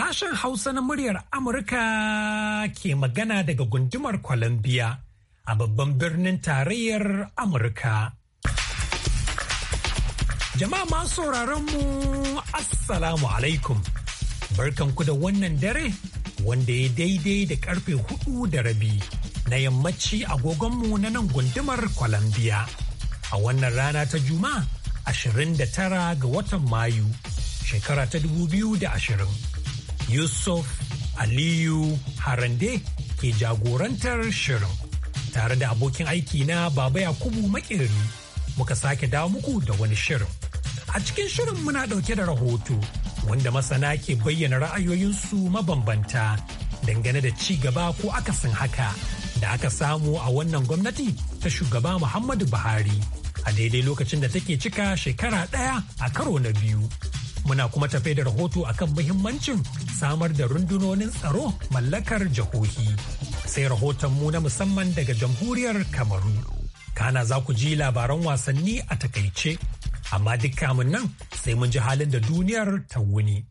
Sashen Hausa na muryar Amurka ke magana daga gundumar Columbia a babban birnin tarayyar Amurka. Jama'a masu mu Assalamu alaikum. Barkanku da wannan dare wanda ya daidai da karfe hudu da rabi na yammaci agogonmu na nan gundumar Columbia. A wannan rana ta Juma'a 29 ga watan Mayu, shekara ta 2020. Yusuf Aliyu Harande ke jagorantar shirin. Tare da abokin aiki na Baba Yakubu Makeri muka sake dawo muku da wani shirin. A cikin shirin muna ɗauke da rahoto wanda masana ke bayyana ra'ayoyinsu mabambanta dangane da ci gaba ko akasin haka da aka samu a wannan gwamnati ta shugaba Muhammadu Buhari a daidai lokacin da take cika shekara ɗaya a karo na biyu. Muna kuma tafe da rahoto akan muhimmancin samar da rundunonin tsaro mallakar jihohi. Sai rahotonmu na musamman daga jamhuriyar Kamaru. Kana za ku ji labaran wasanni a takaice, amma duk kamun nan sai mun ji halin da duniyar ta wuni.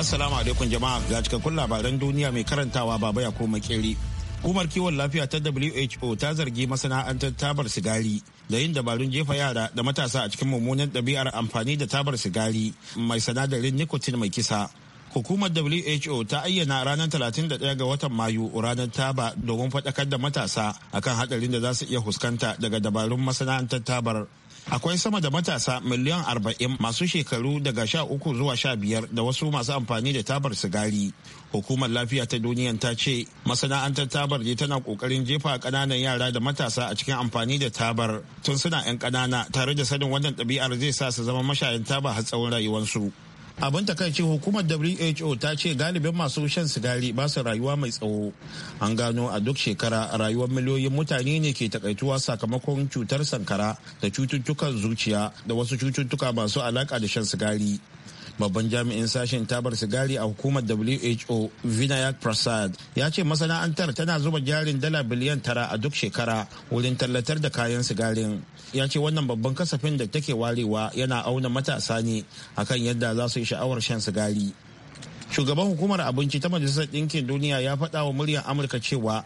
Assalamu alaikum jama'a ga cikakkun labaran duniya mai karantawa baba ya koma keri. Hukumar kiwon lafiya ta WHO ta zargi masana'antar tabar sigari da yin dabarun jefa yara da matasa a cikin mummunan ɗabi'ar amfani da tabar sigari mai sanadarin nicotine mai kisa. Hukumar WHO ta ayyana ranar 31 ga watan Mayu ranar taba domin faɗakar da matasa akan haɗarin da za su iya fuskanta daga dabarun masana'antar tabar. akwai sama da matasa miliyan 40 masu shekaru daga 13 zuwa 15 da wasu masu amfani da tabar sigari hukumar lafiya ta duniya ta ce masana'antar tabar ne tana kokarin jefa kananan yara da matasa a cikin amfani da tabar tun suna 'yan kanana tare da sanin wannan ɗabi'ar zai sa su zama mashayan taba har tsawon rayuwarsu abin takaici hukumar who ta ce galibin masu shan sigari ba su rayuwa mai tsawo an gano a duk shekara rayuwar miliyoyin mutane ne ke takaituwa sakamakon cutar sankara da cututtukan zuciya da wasu cututtuka masu alaka da shan sigari babban jami'in sashen tabar sigari a hukumar who vinayak prasad ya ce masana'antar tana zuba jarin dala biliyan tara a duk shekara wurin tallatar da kayan sigarin ya ce wannan babban kasafin da take warewa yana auna matasa ne akan yadda za su yi sha'awar shan sigari shugaban hukumar abinci ta majalisar ɗinkin duniya ya faɗa wa muryar amurka cewa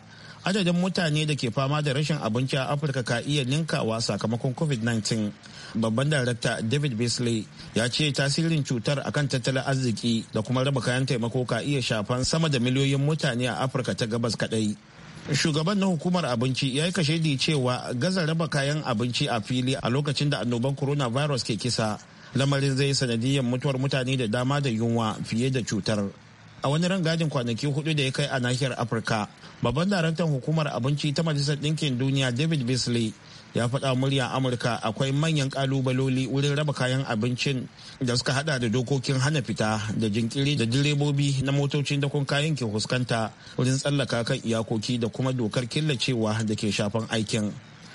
adadin mutane da ke fama da rashin abinci a afirka ka iya ninkawa sakamakon covid-19 babban darakta david beasley ya ce tasirin cutar a kan tattalin arziki da kuma raba kayan taimako ka iya shafan sama da miliyoyin mutane a afirka ta gabas kadai shugaban na hukumar abinci ya yi kashedi cewa gaza raba kayan abinci a fili a lokacin da annoban coronavirus ke kisa lamarin zai sanadiyar mutuwar mutane da dama da yunwa fiye da cutar a wani rangadin kwanaki hudu da ya kai a nahiyar afirka babban daraktan hukumar abinci ta majalisar ɗinkin duniya david bisley ya faɗa murya amurka akwai manyan ƙalubaloli wurin raba kayan abincin da suka hada da dokokin hana fita da jinkiri da direbobi na motocin da kun kayan ke fuskanta wurin tsallaka kan iyakoki da kuma dokar killacewa da ke shafan aikin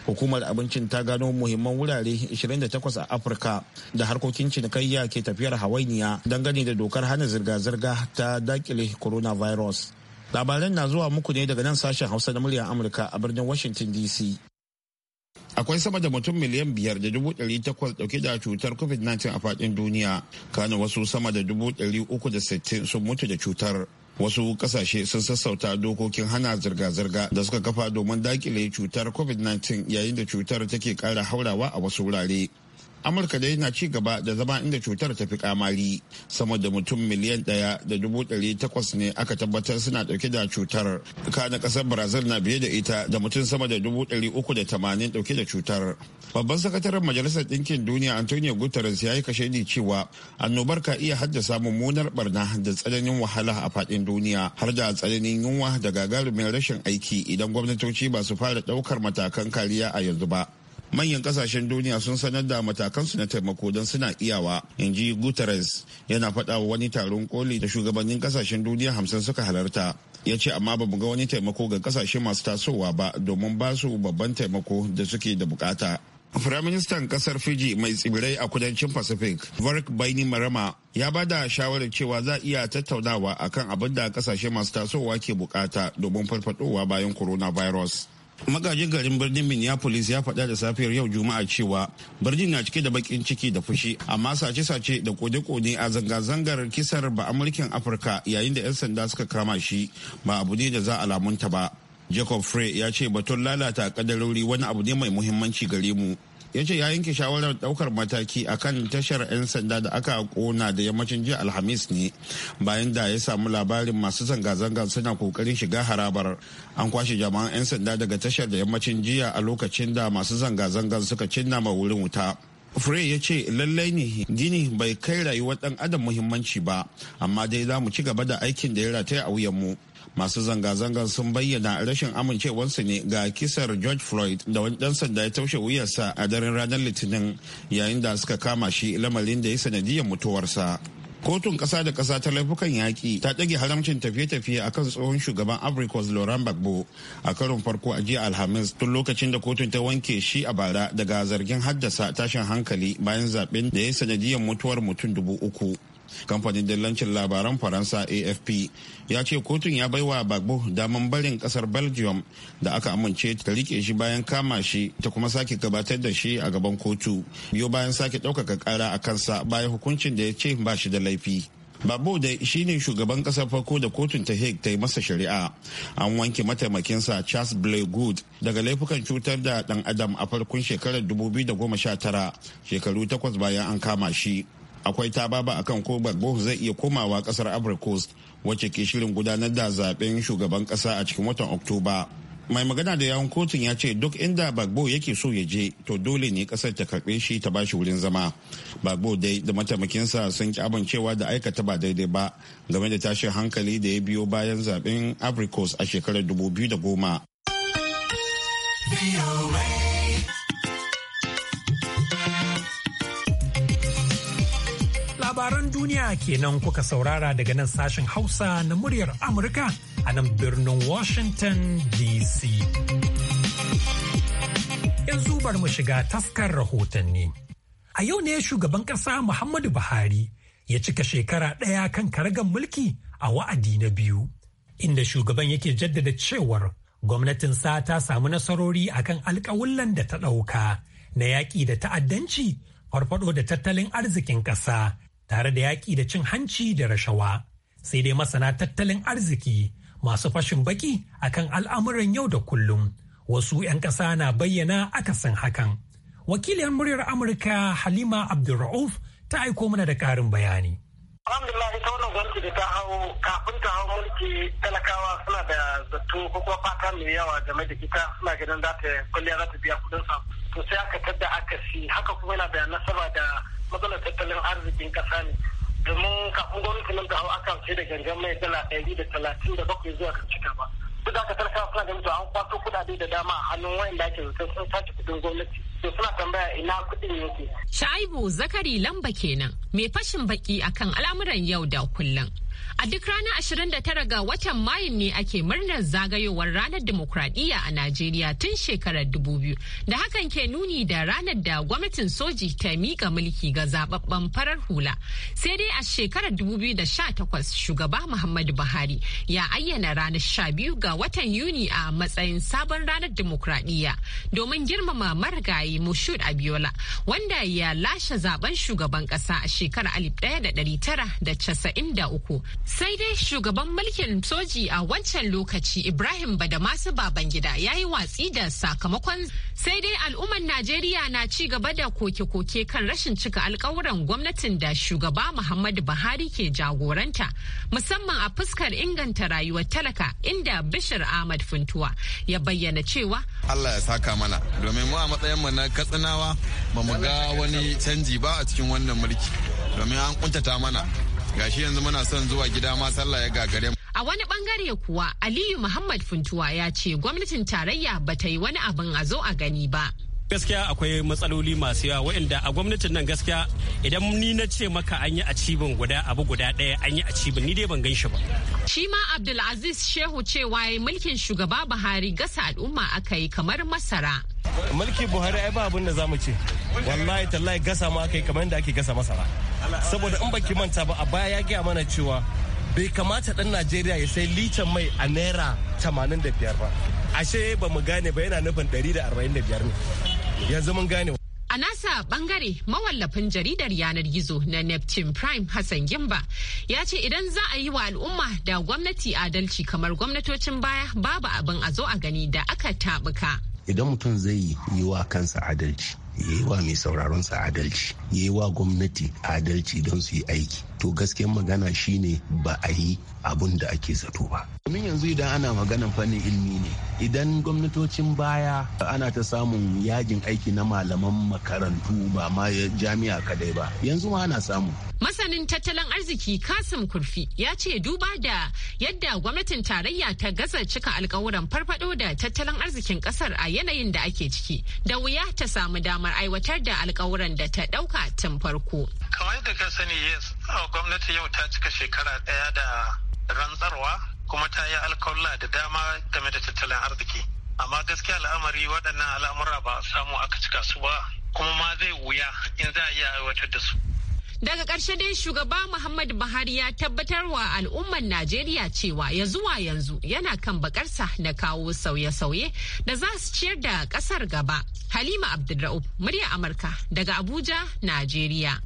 hukumar abincin ta gano muhimman wurare 28 a afirka da harkokin cinikayya ke tafiyar hawainiya dangane da dokar hana zirga-zirga ta dakile coronavirus labaran na zuwa muku ne daga nan sashen hausa na murya amurka a birnin washington dc akwai sama da mutum miliyan biyar da dubu ɗari takwas ɗauke da cutar covid-19 a faɗin duniya kana wasu sama da dubu ɗari uku da sittin sun mutu da cutar wasu kasashe sun sassauta dokokin hana zirga-zirga da suka kafa domin dakile cutar covid-19 yayin da cutar take kara haurawa a wasu wurare amurka dai na ci gaba da zama inda cutar ta fi kamari sama da mutum miliyan ɗaya da dubu ɗari takwas ne aka tabbatar suna ɗauke da cutar kana kasar brazil na biye da ita da mutum sama da dubu ɗari uku da tamanin dauke da cutar babban sakataren majalisar ɗinkin duniya antonio guterres ya yi kashedi cewa annobar ka iya haddasa mummunar barna da tsananin wahala a fadin duniya har da tsananin yunwa da gagarumin rashin aiki idan gwamnatoci ba su fara ɗaukar matakan kariya a yanzu ba manyan kasashen duniya sun sanar da matakansu na taimako don suna iyawa in ji guterres yana faɗa wa wani taron koli da shugabannin kasashen duniya hamsin suka halarta ya ce amma ba ga wani taimako ga kasashe masu tasowa ba domin ba su babban taimako da suke da bukata Firaministan kasar Fiji mai tsibirai a kudancin Pacific, Vark Baini Marama, ya ba da shawarar cewa za a iya tattaunawa akan abin da kasashe masu tasowa ke bukata domin farfadowa bayan coronavirus. magajin garin birnin minneapolis ya faɗa da safiyar yau juma'a cewa birnin na cike da bakin ciki da fushi amma sace-sace da kode-kode a zanga-zangar kisar ba amurkin afirka yayin da 'yan sanda suka kama shi ba abu ne da za a lamunta ba jacob frey ya ce batun lalata kadarori wani abu ne mai muhimmanci gare mu ya ce ya yanke shawarar daukar mataki a kan tashar 'yan sanda da aka kona da yammacin jiya alhamis ne bayan da ya samu labarin masu zanga-zanga suna kokarin shiga harabar an kwashe jama'an 'yan sanda daga tashar da yammacin jiya a lokacin da masu zanga zanga suka cinna ma wurin wuta Frey ya ce lallai ne gini bai kai rayuwar dan adam muhimmanci ba amma dai za mu ci gaba da aikin da ya rataya a wuyan mu masu zanga-zangar sun bayyana rashin amincewarsu ne ga kisar george floyd da wani dan sanda ya taushe wuyarsa a daren ranar litinin yayin da suka kama shi lamarin da ya sanadiyar mutuwarsa kotun ƙasa da ƙasa ta laifukan yaƙi ta ɗage haramcin tafiye-tafiye akan tsohon shugaban africos laurent gbagbo a karin farko a jiya alhamis tun lokacin da kotun ta wanke shi a bara daga zargin haddasa tashin hankali bayan zaben da ya sanadiyar mutuwar mutum dubu uku kamfanin dillancin labaran faransa afp ya ce kotun ya baiwa bagbo daman barin kasar belgium da aka amince ta rike shi bayan kama shi ta kuma sake gabatar da shi a gaban kotu biyo bayan sake ɗaukaka kara a kansa bayan hukuncin da ya ce ba shi da laifi babu da ne shugaban kasar farko da kotun ta Hague ta yi masa shari'a. An wanke mataimakinsa Charles Blair Good daga laifukan cutar da dan Adam a farkon shekarar 2019 shekaru takwas bayan an kama shi. akwai tababa kan ko gbagbo zai iya komawa kasar Coast wacce ke shirin gudanar da zaben shugaban kasa a cikin watan Oktoba. Mai magana da yawon kotun ya ce duk inda Bagbo yake so ya je to dole ne kasar ta karbe shi ta bashi wurin zama. Bagbo dai da mataimakinsa sun ki abincewa da aikata ba daidai ba game da tashin hankali da ya biyo bayan zaben Coast a shekarar 2010. labaran duniya kenan kuka saurara daga nan sashen Hausa na muryar Amurka a nan birnin Washington DC. Yanzu bar mu shiga taskar rahotanni. A yau ne shugaban ƙasa Muhammadu Buhari ya cika shekara ɗaya kan karagan mulki a wa'adi na biyu, inda shugaban yake jaddada cewar gwamnatinsa ta samu nasarori akan alkawullan da ta ɗauka na yaƙi da ta'addanci farfado da tattalin arzikin ƙasa tare da yaƙi da cin hanci da rashawa. Sai dai masana tattalin arziki masu fashin baki akan al'amuran yau da kullum. Wasu 'yan ƙasa na bayyana akasin hakan. Wakiliyar muryar Amurka Halima Abdulra'uf ta aiko mana da ƙarin bayani. alhamdulillah ita wannan gwamnati da ta hau kafin ta hau mulki talakawa suna da zato ko kuma fata mai yawa game da ita suna ganin za ta kwalliya za ta biya kudin sa to sai aka tadda aka si haka kuma yana da nasaba da matsalar tattalin arzikin kasa ne domin kafin gwamnati nan ta hau aka ce da gangan mai dala ɗari da talatin da bakwai zuwa ga cika ba duk da talakawa suna ganin to an kwato kuɗaɗe da dama a hannun wayanda ake zaton sun sace kuɗin gwamnati to suna tambaya ina kuɗin yake. Sha'ibu Zakari Lamba kenan mai fashin baki akan al'amuran yau da kullum. A duk ranar 29 ga watan Mayun ne ake murnar zagayowar ranar demokradiyya a Najeriya tun shekarar 2000. Da hakan ke nuni da ranar da gwamnatin soji ta miƙa mulki ga zababben farar hula. Sai dai a shekarar 2018 shugaba Muhammadu Buhari ya ayyana ranar 12 ga watan Yuni a matsayin sabon ranar demokradiyya domin girmama marigayi Mushud Abiola wanda ya lashe zaben shugaban ƙasa a shekarar 1993. Sai dai shugaban mulkin soji a wancan lokaci Ibrahim Badamasu Babangida ya yi watsi da sakamakon sai dai al'ummar Najeriya na ci gaba da koke-koke kan rashin cika alkawuran gwamnatin da shugaba Muhammadu Buhari ke jagoranta musamman a fuskar inganta rayuwar talaka inda Bishir Ahmad Funtuwa ya bayyana cewa Allah ya saka mana domin mu a matsayin mu na katsinawa ba mu ga wani canji ba a cikin wannan mulki domin an kuntata mana gashi yanzu muna son zuwa gida ma sallah ya gagare A wani bangare kuwa Aliyu Muhammad Funtuwa ya ce gwamnatin tarayya ba ta yi wani abin a zo a gani ba. gaskiya akwai matsaloli masu yawa waɗanda a gwamnatin nan gaskiya idan ni na ce maka an yi acibin guda abu guda ɗaya an yi acibin ni dai ban gan shi ba. shi ma abdulaziz shehu cewa mulkin shugaba buhari gasa al'umma aka yi kamar masara mulki buhari ai ba abin da zamu ce wallahi tallahi gasa ma aka yi kamar yadda ake gasa masara saboda in baki manta ba a baya ya gaya mana cewa bai kamata dan najeriya ya sai litan mai a naira 85 ba ashe ba mu gane ba yana nufin 145 ne yanzu mun gane A nasa bangare mawallafin jaridar yanar gizo na Neptune Prime Hassan Gimba ya ce idan za a yi wa al'umma da gwamnati adalci kamar gwamnatocin baya babu abin a zo a gani da aka tabuka. Idan mutum zai yi wa kansa adalci, ya yi wa mai sauraron sa adalci, ya yi wa gwamnati adalci don su yi aiki. to gaskiyar magana shine ba a yi abun da ake zato ba domin yanzu idan ana maganan fannin ilimi ne idan gwamnatocin baya ana ta samun yajin aiki na malaman makarantu ba ma jami'a kadai ba yanzu ma ana samu masanin tattalin arziki kasim kurfi ya ce duba da yadda gwamnatin tarayya ta gaza cika alkawuran farfado da tattalin arzikin kasar a yanayin da ake ciki da wuya ta samu damar aiwatar da alkawuran da ta ɗauka tun farko kamar da ka sani yes gwamnati yau ta cika shekara ɗaya da rantsarwa kuma ta yi alkawla da dama game da tattalin arziki amma gaskiya al'amari waɗannan al'amura ba samu aka cika su ba kuma ma zai wuya in za a iya aiwatar da su daga ƙarshe dai shugaba muhammadu buhari ya tabbatar wa al'ummar najeriya cewa ya zuwa yanzu yana kan bakarsa na kawo sauye-sauye da za su ciyar da ƙasar gaba halima Abdulra'u murya amurka daga abuja najeriya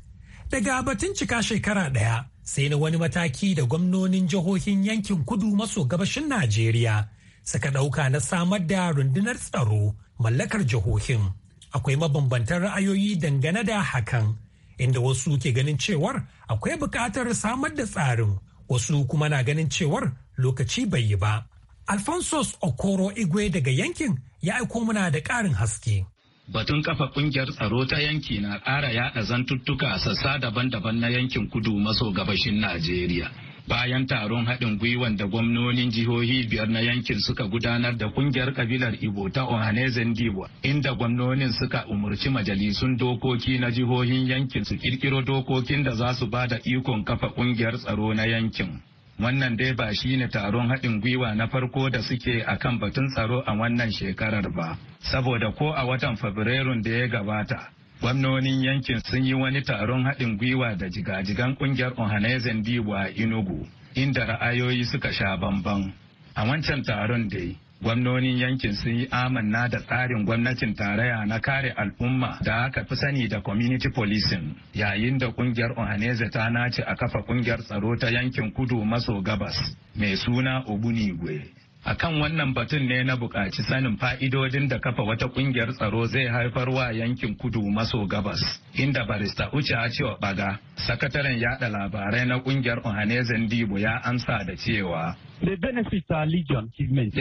daga batun cika shekara ɗaya sai na wani mataki da gwamnonin jihohin yankin kudu maso gabashin najeriya suka ɗauka na samar da rundunar tsaro mallakar jihohin akwai mabambantan ra'ayoyi dangane da hakan inda wasu ke ganin cewar akwai buƙatar samar da tsarin wasu kuma na ganin cewar lokaci bai yi ba. Alphonsus Okoro Igwe daga yankin ya aiko muna da ƙarin haske. Batun kafa kungiyar tsaro ta yanki na ƙara yaɗa zantuttuka a sassa daban-daban na yankin kudu maso gabashin Najeriya. Bayan taron haɗin gwiwan da gwamnonin jihohi biyar na yankin suka gudanar da kungiyar kabilar ibo ta Ohanezen Diwa, inda gwamnonin suka umarci majalisun dokoki na jihohin yankin su kirkiro dokokin da za su ba da ikon kafa kungiyar tsaro na yankin. Wannan dai ba shi ne taron haɗin gwiwa na farko da suke a kan batun tsaro a wannan shekarar ba, saboda ko a watan Fabrairun da ya gabata, gwamnonin yankin sun yi wani taron haɗin gwiwa da jigajigan ƙungiyar Ohanaezen Diwa a Inugu, inda ra'ayoyi suka sha bamban. A wancan taron dai, gwamnonin yankin sun yi amanna da tsarin gwamnatin tarayya na kare al'umma da aka fi sani da community policing yayin da kungiyar ohaneze ta nace a kafa kungiyar tsaro ta yankin kudu maso gabas mai suna ogunigwe akan wannan batun ne na bukaci sanin fa'idodin da kafa wata ƙungiyar tsaro zai haifar wa yankin kudu maso gabas inda barista uce a cewa baga sakataren yada labarai na ƙungiyar ohanezen dibo ya amsa da cewa The benefits are legion,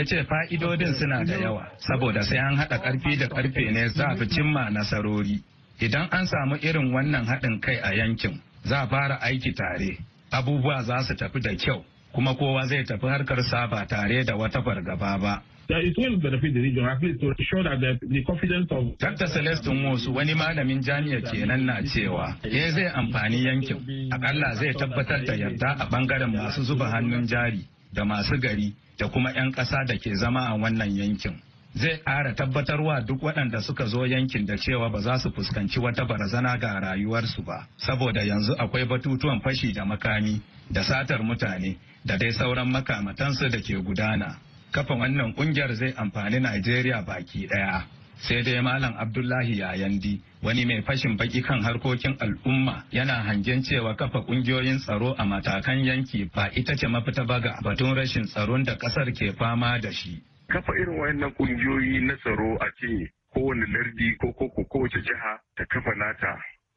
ce fa'idodin suna da yawa, saboda sai an haɗa karfi da karfe ne za fi cimma nasarori. Idan an samu irin wannan haɗin kai a yankin, za a fara aiki tare, abubuwa za su tafi da kyau, kuma kowa zai tafi harkar sa ba tare da wata fargaba ba. Dr. Celestin Wosu wani malamin jami'a kenan na cewa ya eh, zai amfani yankin akalla zai tabbatar da yarda a bangaren masu zuba hannun jari da masu gari da kuma 'yan ƙasa da ke zama a wannan yankin. Zai ƙara tabbatarwa duk waɗanda suka zo yankin da cewa ba za su fuskanci wata barazana ga rayuwarsu ba, saboda yanzu akwai batutuwan fashi da makami da satar mutane da dai sauran makamatansu da ke gudana. Kafa wannan ƙungiyar zai amfani Najeriya baki ɗaya. sai dai malam abdullahi yayandi wani mai fashin baki kan harkokin al'umma yana hangen cewa kafa kungiyoyin tsaro a matakan yanki ba ita ce mafita ba ga batun rashin tsaron da kasar ke fama da shi kafa irin wayannan kungiyoyi na tsaro a ce kowane lardi ko ko kowace jiha ta kafa nata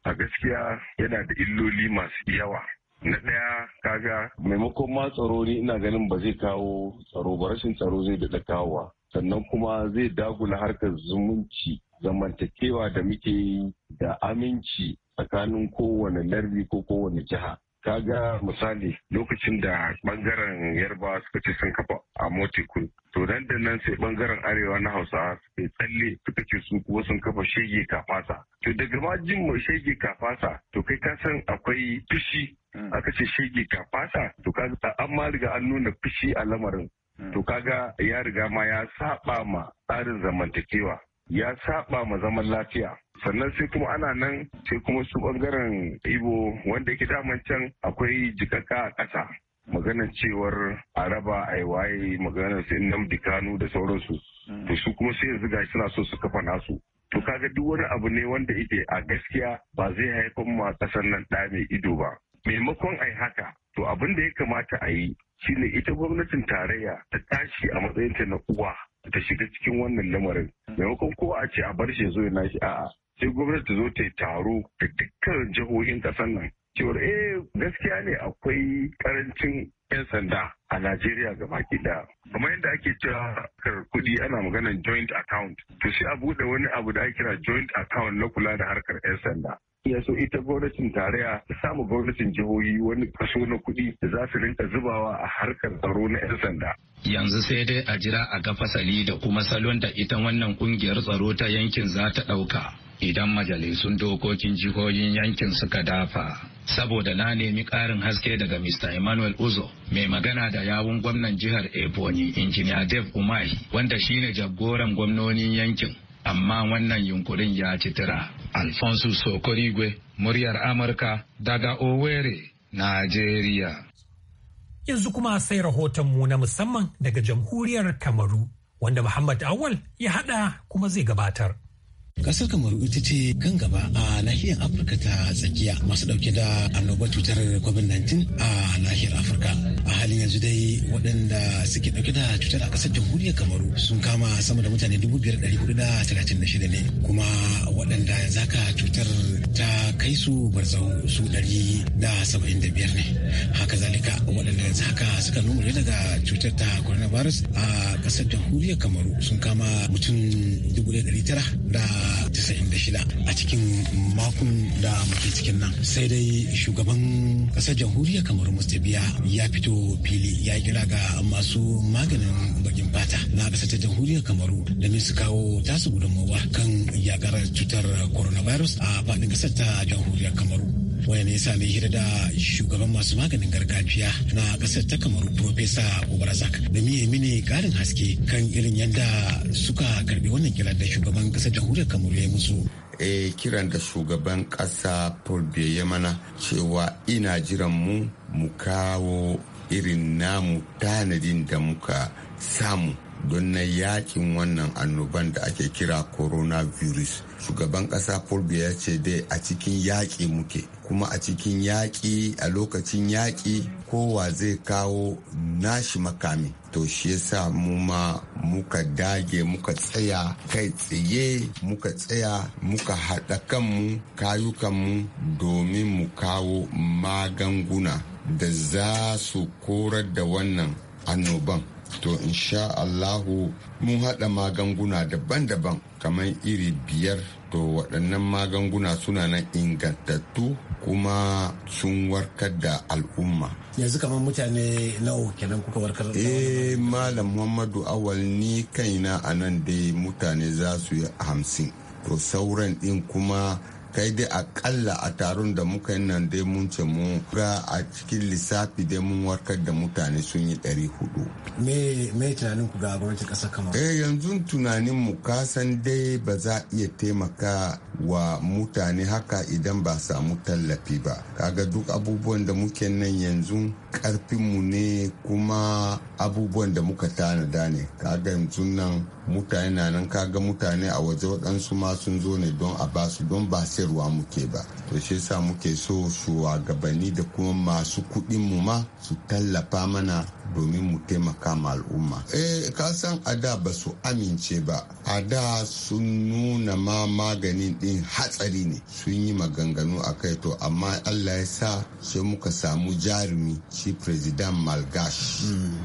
a gaskiya yana da illoli masu yawa na ɗaya kaga maimakon ma tsaro ne ina ganin ba zai kawo tsaro ba rashin tsaro zai daɗa kawowa sannan kuma zai dagula harkar zumunci zamantakewa da muke yi da aminci tsakanin kowane larbi ko kowane jiha kaga misali lokacin da bangaren yarba suka ce sun kafa a motiku to nan da nan sai bangaren arewa na hausa suka tsalle suka ce su kuma sun kafa shege kafasa to daga ma jin mai shege kafasa to kai ka san akwai fushi mm. aka ce shege kafasa to kaga an ma riga an nuna fushi a lamarin Hmm. to kaga ya riga ma ya saba ma tsarin zamantakewa ya saba ma zaman lafiya sannan sai kuma ana nan sai kuma su bangaren ibo wanda yake daman can akwai jikaka a ƙasa maganar cewar araba waye maganar sai namdi dikanu da sauransu hmm. to su kuma sai yanzu gashi suna so su kafa nasu to kaga duk wani abu ne wanda yake a gaskiya ba zai haifar ma ƙasar nan ɗa mai ido ba maimakon ai haka to abin da ya kamata a yi shine ita gwamnatin tarayya ta tashi a matsayinta na uwa ta shiga cikin wannan lamarin maimakon kowa a ce a bar shi zo ya nashi a'a sai gwamnati ta zo ta yi taro da dukkan jihohin ƙasar nan cewar eh gaskiya ne akwai karancin 'yan sanda a Najeriya ga baki ɗaya. Kamar yadda ake cewa harkar kuɗi ana maganar joint account. To sai a buɗe wani abu da ake kira joint account na kula da harkar 'yan sanda. ya so ita gwamnatin tarayya ta samu gwamnatin jihohi wani kaso na kuɗi da za su rinka zubawa a harkar tsaro na 'yan sanda. Yanzu sai dai a jira a ga fasali da kuma salon da ita wannan kungiyar tsaro ta yankin za ta ɗauka. idan majalisun dokokin jihohin yankin suka dafa. Saboda na nemi ƙarin haske daga Mr. Emmanuel Uzo, mai magana da yawun gwamnan jihar Ebonyi, Injiniya Dave Umahi, wanda shine jagoran gwamnonin yankin. amma wannan yunkurin ya ci tira. Alfonso Sokorigwe, muryar Amurka daga Owerri, Najeriya. Yanzu kuma sai rahotonmu na musamman daga jamhuriyar Kamaru, wanda Muhammad Awal ya haɗa kuma zai gabatar. Kasar Kamaru ita ce kan gaba a nahiyar Afirka ta tsakiya masu dauke da annobar cutar COVID-19 a nahiyar Afirka. A halin yanzu dai waɗanda suke dauke da cutar a kasar jamhuriyar Kamaru sun kama sama da mutane 5,436 ne kuma waɗanda za ka cutar ta kai su barzau su 175 ne. Haka zalika waɗanda yanzu haka suka numure daga cutar ta coronavirus a kasar jamhuriyar Kamaru sun kama mutum 1996 a cikin makon da muke cikin nan sai dai shugaban kasar jamhuriyar kamar mustabiya ya fito fili ya kira ga masu maganin bakin fata na kasar ta jamhuriyar kamaru da su kawo tasu gudunmawa kan yakar cutar coronavirus a faɗin kasar ta jamhuriyar kamaru wanda ya sami hira da shugaban masu maganin gargajiya na kasar ta kamaru profesa obarazak da ya mini karin haske kan irin yadda suka karbi wannan eh, kiran da shugaban kasar jamhuriyar kamaru ya musu e kiran da shugaban kasa paul ya mana cewa ina jiran mu mu kawo irin namu tanadin da muka samu don na yakin wannan annoban da ake kira coronavirus shugaban ƙasa fulbiya ya ce dai a cikin yaƙi muke kuma a cikin yaƙi a lokacin yaƙi kowa zai kawo nashi makami to shi yasa mu ma muka dage muka tsaya kai tsaye muka tsaya muka haɗa kanmu kayukanmu domin mu kawo maganguna da za su korar da wannan annoban to insha allahu mun haɗa maganguna daban-daban kamar iri biyar to waɗannan maganguna suna nan ingantattu kuma sun warkar da al'umma yanzu kamar mutane nawa kenan kuka warkar da eh malam muhammadu awal ni kaina a nan dai mutane za su yi hamsin to sauran ɗin kuma kai dai akalla a taron da muka yi nan dai mun ce mu ga a cikin lissafi dai mun warkar da mutane sun yi ɗari hudu. Me me tunanin ku ga gwamnatin ƙasa kamar? Eh yanzu tunanin mu kasan dai ba za a iya taimaka wa mutane haka idan ba samu tallafi ba. Kaga duk abubuwan da muke nan yanzu mu ne kuma abubuwan da muka tanada ne. Kaga yanzu nan mutane na nan kaga mutane a waje waɗansu ma sun zo ne don a basu don ba sai sayarwa muke ba to shi yasa muke so shugabanni da kuma masu kuɗin mu ma su tallafa mana domin mu taimaka ma al'umma eh ka san a da ba su amince ba a da sun nuna ma maganin din hatsari ne sun yi maganganu a kai to amma allah ya sa sai muka samu jarumi shi president malgash hmm,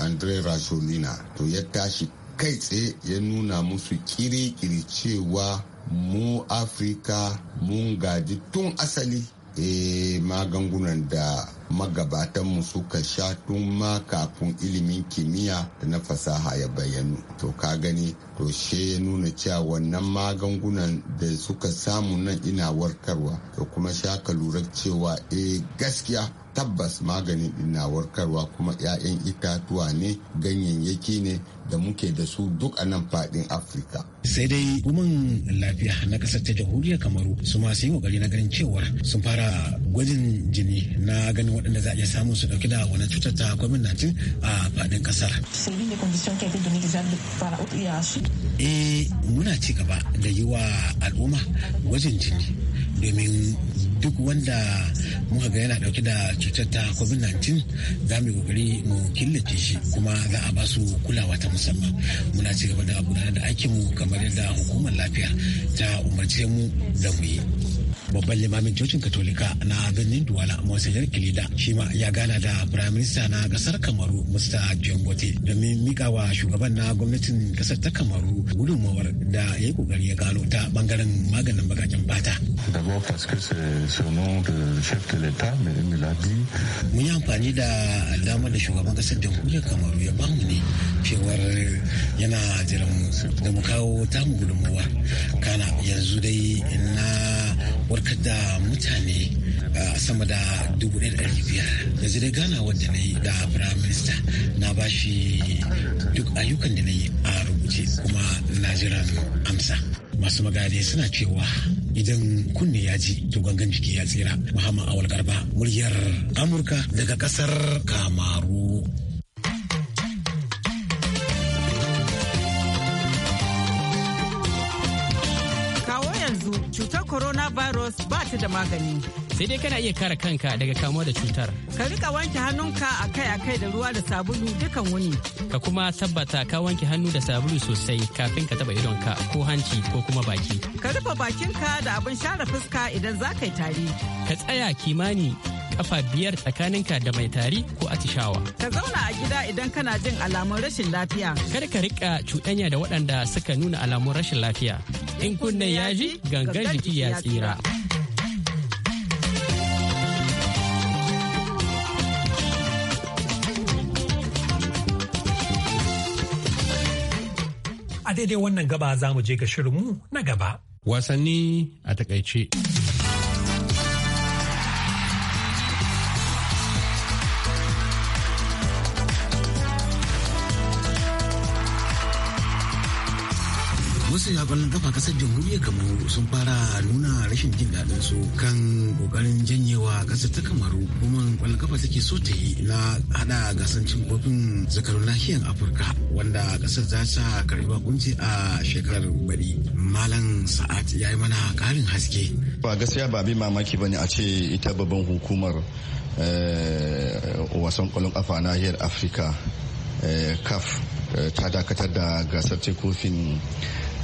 andre eh, rasolina to ya tashi kai tsaye ya nuna musu kiri-kiri cewa mu afirka mun gaji tun asali e eh, magangunan da magabatan mu suka sha tun ma kafin ilimin kimiyya da na fasaha ya bayyanu to ka gani to she ya nuna cewa wannan magungunan da suka samu nan ina warkarwa to kuma ka lura cewa eh gaskiya tabbas maganin ina warkarwa kuma 'ya'yan itatuwa ne ganyayyaki ne da muke da su duk a nan fadin afirka sai dai gumin lafiya na kasar ta jamhuriyar kamaru su masu yi kokari na ganin cewar sun fara gwajin jini na ganin waɗanda za a iya samun su dauki da wani cutar ta covid-19 a fadin kasar eh muna ci gaba da yi wa al'umma gwajin jini domin duk wanda muka ga yana dauke da cutar ta covid-19 za mu kokari mu killace shi kuma za a ba su kulawa ta musamman muna ci gaba da gudanar da aikinmu kamar yadda hukumar lafiya ta umarce mu da mu yi babban limamin cocin katolika na birnin duwala monsignor kilida shi ma ya gana da firaminista na kasar kamaru mr jengote domin mika wa shugaban na gwamnatin kasar ta kamaru gudunmawar da ya yi kokari ya gano ta bangaren maganin bagajen fata mun yi amfani da damar da shugaban kasar jamhuriyar kamaru ya bamu ne cewar yana jiran mu da mu kawo tamu gudunmawa kana yanzu dai na warkar da mutane sama da dubu ɗaya da biyar gana wadda na yi da prime minister na ba shi duk ayyukan da na yi a rubuce kuma na jiran amsa masu magani suna cewa idan kunne ya ji to gangan jiki ya tsira muhammad awal garba muryar amurka daga kasar kamaru virus ba ta da magani. Sai dai kana iya kare kanka daga kamuwa da cutar. Ka rika wanke hannunka akai-akai da ruwa da sabulu dukan wuni. Ka kuma tabbata ka wanke hannu da sabulu sosai kafin ka taba ka ko hanci ko kuma baki. Ka rufe bakinka da abin share fuska idan za ka yi tari. Ka tsaya kimani kafa biyar tsakaninka da mai tari ko atishawa. Ka zauna a gida idan kana jin alamun rashin lafiya. Kada ka rika cuɗanya da waɗanda suka nuna alamun rashin lafiya. In kunne ya ji gangan jiki ya tsira. A daidai wannan gaba za mu je ga shirinmu na gaba. Wasanni a takaice. wasu kwallon kafa kasar jamhuriyar kamaru sun fara nuna rashin jin daɗin su kan kokarin janyewa kasar ta kamaru kuma kwallon kafa take so ta yi na hada gasar cin kofin zakarun nahiyar afirka wanda kasar za ta karbi kunci a shekarar bari malam sa'ad ya yi mana karin haske ba gaskiya ba bi mamaki ba ne a ce ita babban hukumar eh, wasan kwallon kafa nahiyar afirka kaf eh, eh, ta dakatar da gasar kofin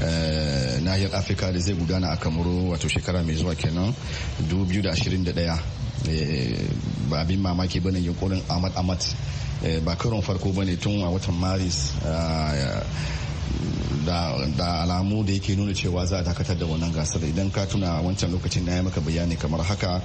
Eh, nahiyar afirka da zai gudana a kamaru wato shekara mai zuwa kenan 2021 eh, ba abin mamaki bane yunkurin amat amat eh, ba karon farko bane tun a watan maris ah, da da alamu da yake nuna cewa za a dakatar da wannan gasar idan ka tuna wancan lokacin na ya maka bayani kamar haka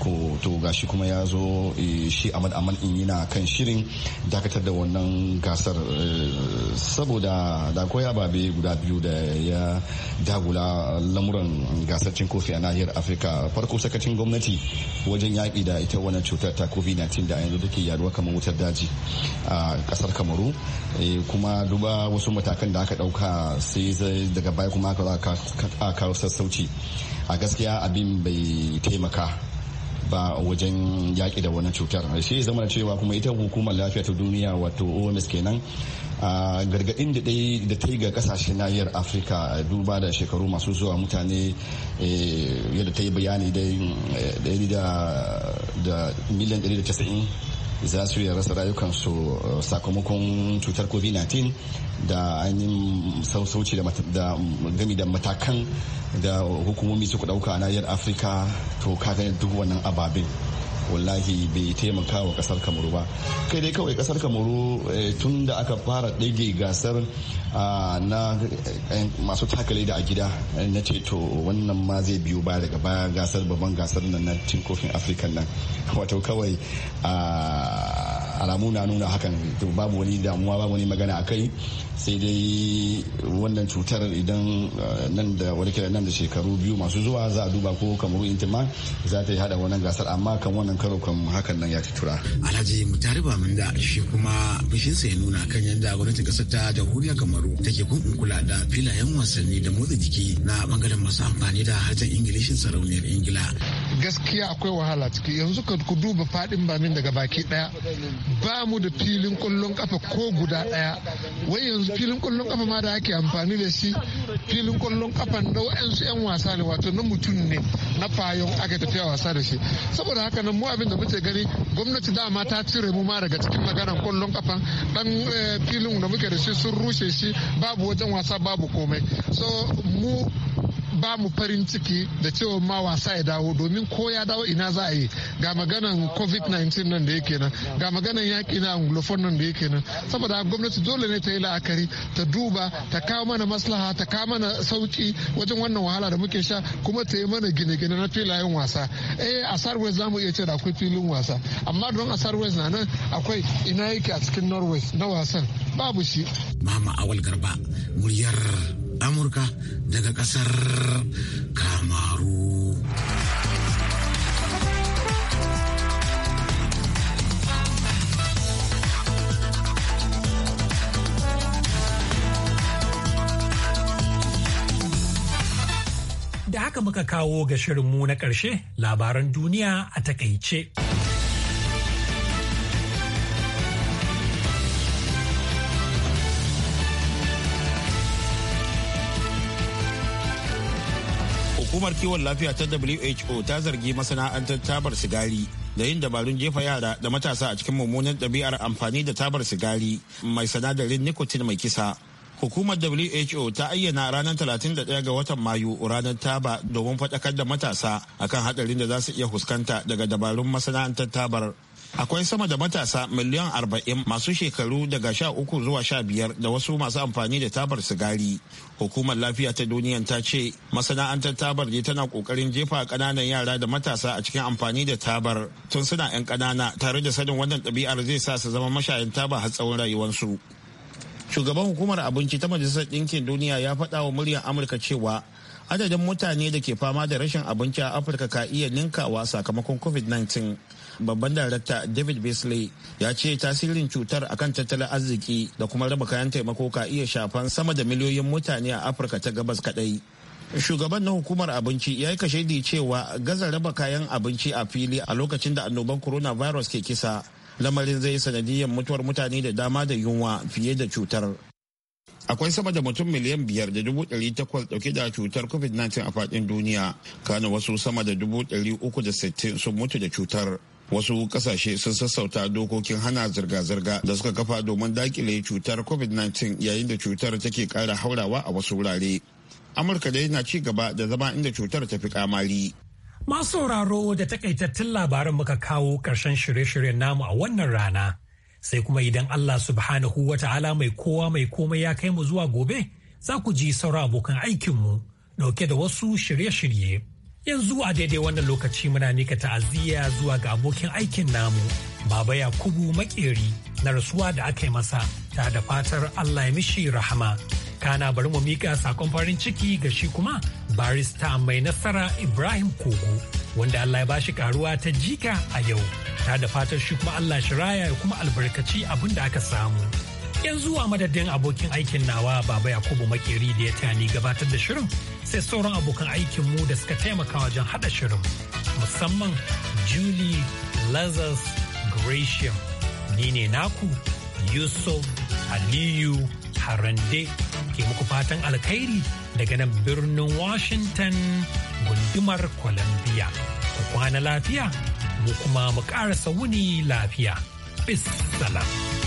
ko to gashi kuma ya zo eh, shi amad amal in yana kan shirin dakatar da wannan gasar eh, saboda da koya babe guda biyu da ya dagula lamuran gasar cin kofi a nahiyar afirka farko sakacin gwamnati wajen yaƙi da ita wannan cutar ta covid-19 da a yanzu take yaduwa kamar wutar daji a kasar kamaru eh, kuma duba wasu matakan da aka ɗauka sai zai daga baya kuma aka kawo sassauci a gaskiya abin bai taimaka ba wajen yaƙi da wannan cutar shi zama da cewa kuma ita hukumar lafiya ta duniya wato oms kenan gargaɗin da ɗai da ta yi ga ƙasashen nahiyar afirka duba da shekaru masu zuwa mutane eh, yadda ta yi bayani eh, da miliyan 190 za su iya rasa rayukansu eh, sakamakon cutar covid-19 da yi sassauci da gami da matakan da hukumomi suka dauka a nahiyar afirka to kaga duk wannan ababin wallahi bai taimaka wa kasar kamaru ba kai dai kawai kasar kamaru eh, tun da aka fara ɗage gasar ah, na eh, masu takalai da a gida eh, na ceto wannan ma zai biyo ba daga baya gasar babban gasar nan na cin kofin afirka nan wato kawai ah, alamu na nuna hakan to babu wani damuwa babu wani magana a kai sai dai wannan cutar idan eh, nan da wani nan da shekaru biyu masu zuwa za a duba ko kamaru intima za ta yi hada wannan gasar amma kan wannan karo kan hakan nan ya tura. alhaji mutari ba mun da shi kuma bishinsa ya nuna kan yadda gwamnatin kasar ta jamhuriyar kamaru take kun kula da filayen wasanni da motsa jiki na bangaren masu amfani da harshen ingilishin sarauniyar ingila gaskiya akwai wahala ciki yanzu ka ku duba fadin bamin daga baki daya ba mu da filin kullun kafa ko guda daya wai yanzu filin kullun kafa ma da ake amfani da shi filin kullun kafa na wayansu yan wasa ne wato na mutum ne na fayon ake tafiya wasa da shi saboda haka nan mu abin da muke gani gwamnati dama ta cire mu ma daga cikin maganar kullun kafa dan eh, filin da muke da shi sun rushe shi babu wajen wasa babu komai so mu ba mu farin ciki da cewa ma wasa ya dawo domin ko ya dawo ina za a yi ga maganan covid-19 nan da yake nan ga maganan yaƙi na anglophone nan da yake nan saboda gwamnati dole ne ta yi la'akari ta duba ta kawo mana maslaha ta kawo mana sauki wajen wannan wahala da muke sha kuma ta yi mana gine-gine na filayen wasa eh a southwest za mu iya ce da akwai filin wasa amma don a southwest na nan akwai ina yake a cikin norway na wasan babu shi mama awal garba muryar amurka daga kasar kamaru da haka muka kawo ga shirinmu na ƙarshe labaran duniya a takaice. hukumar kiwon lafiya ta who ta zargi masana'antar tabar sigari da yin dabarun jefa yara da matasa a cikin mummunan ɗabi'ar amfani da tabar sigari mai sanadarin nicotine mai kisa hukumar who ta ayyana ranar 31 ga watan mayu ranar taba domin faɗakar da matasa akan hadarin da za su iya fuskanta daga dabarun masana'antar tabar akwai sama da matasa miliyan arba'in masu shekaru daga sha uku zuwa sha biyar da wasu masu amfani da tabar sigari hukumar lafiya ta duniya ta ce masana'antar tabar ne tana kokarin jefa kananan yara da matasa a cikin amfani da tabar tun suna 'yan kanana tare da sanin wannan ɗabi'ar zai sa su zama mashayan taba har tsawon rayuwarsu shugaban hukumar abinci ta majalisar ɗinkin duniya ya faɗa wa muryar amurka cewa adadin mutane da ke fama da rashin abinci a afirka ka iya ninkawa sakamakon covid-19 babban darakta david beasley ya ce tasirin cutar akan tattalin arziki da kuma raba kayan taimako ka iya shafan sama da miliyoyin mutane a afirka ta gabas kadai shugaban na hukumar abinci ya yi kashedi cewa gaza raba kayan abinci a fili a lokacin da annoban coronavirus ke kisa lamarin zai sanadiyar mutuwar mutane da dama da yunwa fiye da cutar akwai sama da mutum miliyan biyar da dubu ɗari takwas ɗauke da cutar covid-19 a faɗin duniya kana wasu sama da dubu ɗari uku da sittin sun mutu da cutar wasu kasashe sun sassauta dokokin hana zirga-zirga da suka kafa domin dakile cutar covid-19 yayin da cutar take kara haurawa a wasu wurare amurka dai na ci gaba da zama inda cutar ta fi kamari masu sauraro da takaitattun labaran muka kawo karshen shirye-shiryen namu a wannan rana sai kuma idan allah subhanahu wa ta'ala mai kowa mai komai ya kai mu zuwa gobe za ku ji sauran abokan aikinmu dauke da wasu shirye-shirye. yanzu a daidai wannan lokaci muna mika ta'aziyya zuwa ga abokin aikin namu baba yakubu makeri na rasuwa da aka yi masa ta da fatar allah ya mishi rahama kana bari mu mika sakon farin ciki ga shi kuma barista mai nasara ibrahim kogo wanda allah ya bashi karuwa ta jika a yau ta da fatar shi kuma allah shiraya ya kuma albarkaci abin da aka samu Yanzu a madadin abokin aikin nawa Baba Yakubu Makeri da ya taya ni gabatar da shirin sai sauran abokan aikinmu da suka taimaka wajen hada shirin musamman Julie Lazarus gratian Ni ne naku Yusuf Aliyu Harande ke muku fatan alkhairi daga nan birnin Washington gundumar Columbia. Ku kwana lafiya, mu kuma mu ƙara wuni lafiya. Bis salam.